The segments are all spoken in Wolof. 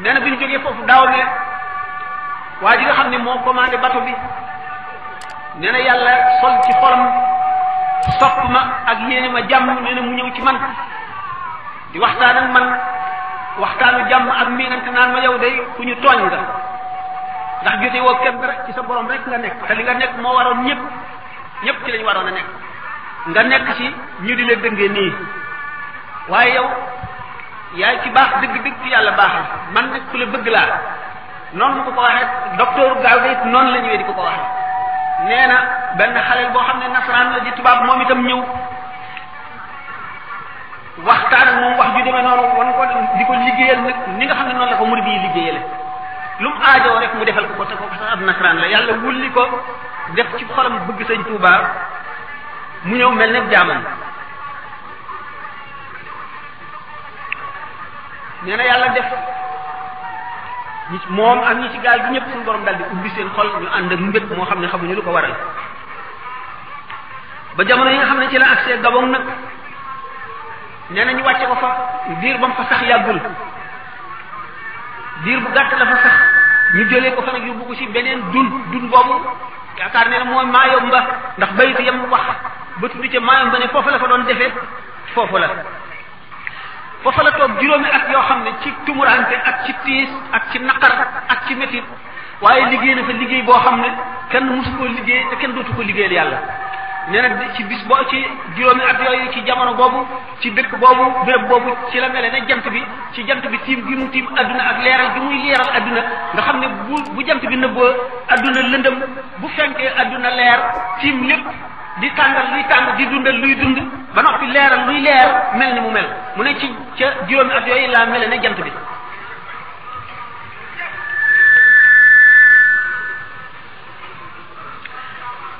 nee bi ñu jógee foofu daaw ne waa ji nga xam ne moo commandé bato bi nee na yàlla sol ci xolam sopp ma ak yéene ma jàmm nee na mu ñëw ci man di waxtaan ak man waxtaanu jàmm ak miinante naan ma yow day ku ñu tooñ nga ndax jote woo kenn rek ci sa borom rek nga nekk te nga nekk moo waroon ñëpp ñëpp ci lañu waroon a nekk nga nekk ci ñu di la dëngee nii waaye yow yaay ci baax dëgg dëgg ci yàlla baaxal man nag ku la bëgg la noonu mu ko ko waxee gaaw de it noonu la ñëwee di ko ko waxee nee na benn xaleel boo xam ne nasaraan la di tubaab moom itam ñëw waxtaan ak moom wax ju demee noonu wan ko di ko liggéeyal nag ni nga xam la ko murid yi liggéeyale lu mu aajoo rek mu defal ko ko te ko sax ab nasaraan la yàlla wulli ko def ci mu bëgg sëñ Tuubaa mu ñëw mel ne jaamam nee na yàlla def ñi moom ak ñi ci gaal gi ñëpp suñu borom daal di ubbi seen xol ñu ànd ak mbég moo xam ne xamuñu lu ko waral ba jamono yi nga xam ne ci la accès Gabon nag nee na ñu wàcce ko fa diir ba mu fa sax yàggul diir bu gàtt la fa sax ñu jëlee ko fa nag yóbbu ko ci beneen dun dun boobu yaakaar ne mooy maayom ba ndax bayit yam wax ba tudd ca maayom ba ne foofu la fa doon defee foofu la. ba fa la toog juróomi at yoo xam ne ci tumuraante ak ci tiis ak ci naqar ak ci métit waaye liggéey na fa liggéey boo xam ne kenn musu koo liggéey te kenn dootu ko liggéeyal yàlla nee na ci bis boo ci juróomi at yooyu ci jamono boobu ci dëkk boobu béréb boobu ci la mele ne jant bi ci jant bi tiim gi mu tiim adduna ak leeral gi muy leeral adduna nga xam ne bu bu jant bi nëbboo adduna lëndëm bu fenkee adduna leer tiim lépp di tàngal luy tàng di dundal luy dund ba noppi leeral luy leer mel ni mu mel mu ne ci ca juróomi laa mel ne jant bi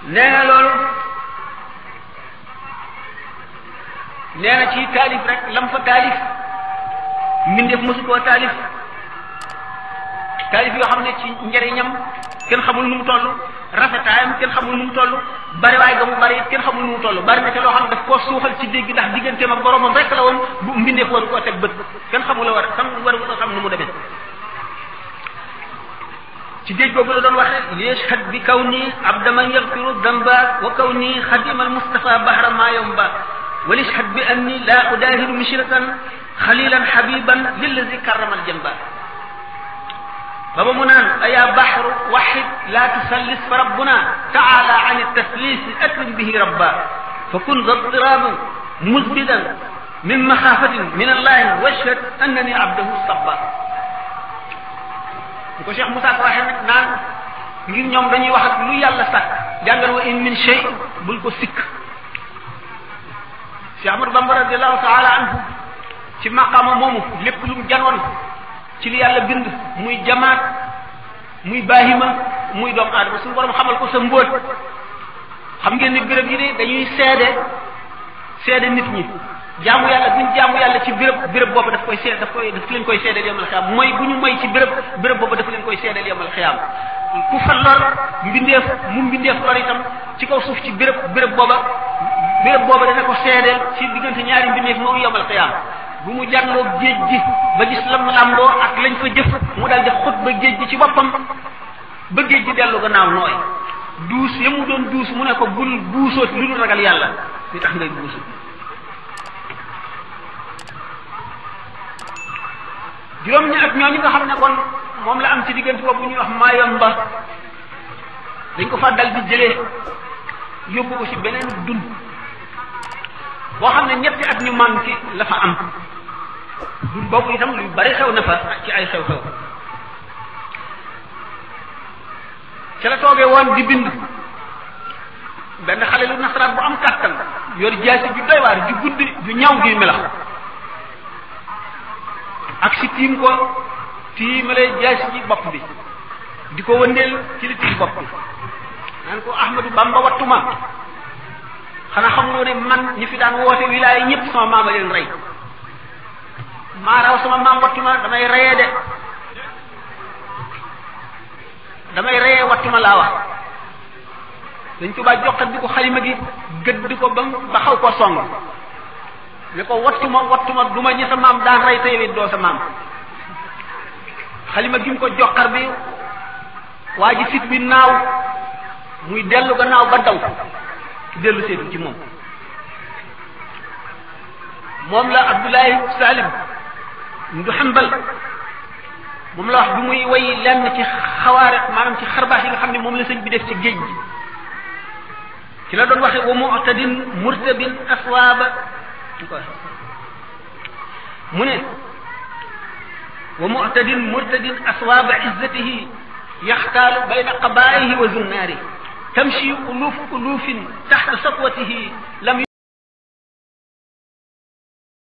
nee loolu nee ci taalif rek lam fa taalif mbindeef mësu koo taalif taalif yoo xam ne ci njëriñam kenn xamul nu mu toll rafetaay mu kenn xamul nu mu toll bari waay ga mu bari it kenn xamul nu mu toll bari na ca loo xam daf koo suuxal ci dégg ndax digganteem ak boromam rek la woon bu mbindeef waru koo teg bët kenn xamul la war xam waru ko xam nu mu demee ci géej googu la doon waxe yashhad bi kawni abdaman yaghfiru dhanba wa kawni khadim al mustafa bahra ma yomba وليشهد بأني لا أداهن مشركا خليلا حبيبا للذي كرم الجنبات فبمنان أيا بحر وحد لا تسلس فربنا تعالى عن التسليس أكرم به ربا فكن ذا اضطراب مزبدا من مخافة من الله واشهد أنني عبده الصبا وشيخ موسى رحمه نان ngir ñom بني واحد ak lu yalla sax jangal wa in min shay bul ko sik ci amr bambara radiyallahu ta'ala anhu ci maqama momu lepp lu mu janon ci li yàlla bind muy jamaat muy baahima muy doomu aadama suñu borom xamal ko sa mbóot xam ngeen ni béréb yi de dañuy seede seede nit ñi jaamu yàlla buñ jaamu yàlla ci bërëb bërëb boobu daf koy seede daf koy daf leen koy seedeel yomal xiyaam mooy bu ñu moy ci béréb béréb boobu daf leen koy seedeel yomal xiyaam ku fa lor mbindeef mu mbindeef lor itam ci kaw suuf ci bërëb bërëb booba béréb booba dana ko seedeel ci diggante ñaari mbindeef moom yomal xiyaam bu mu jàngoo géej gi ba gis lam làmboo ak lañ fa jëf mu daal di xut ba géej gi ci boppam ba géej gi dellu gannaaw nooy duus ya mu doon duus mu ne ko bul buusoot lu dul ragal yàlla li tax ngay buusu juróom ñi ak ñooñu nga xam ne kon moom la am ci diggante boobu ñuy wax maayomba dañ ko fa dal di jëlee yóbbu ko ci beneen dund boo xam ne ñetti at ñu manqué la fa am dul boobu itam lu bari xew na fa ci ay xew-xew ca la toogee woon di bind benn xale lu nasaraan bu am kàttan yor jaasi ju doy waar ju gudd ju ñaw gi melax ak si tiim ko tiimale jaasi ji bopp bi di ko wëndeel ci li tiim bopp bi naan ko Ahmadou Bamba wattuma xanaa xamuloo ne man ñi fi daan woote wilaaya ñëpp sama maama leen rey maa sama maam wattu ma damay reyee de damay reyee wattu ma laa wax dañ ko baa joxat ko xalima gi gëdd ko ba ba xaw ko song ne ko wattu ma wattu ma sa maam daan rey te doo sa maam xalima gi mu ko joxar bi waa ji sit bi naaw muy dellu gannaaw ba daw dellu seetu ci moom moom la abdoulaye salim ndu xambal moom la wax bi muy way lenn ci xawaare maanaam ci xarbaax yi nga xam ne moom la sëñ bi def ci géej gi ci la doon waxe wa mu'tadin murtabin aswaaba mu ne wa mu'tadin murtadin aswaaba izzatihi yaxtaalu bayna qabaayihi wa zunnaarihi تمشي ألوف ألوف تحت سطوته لم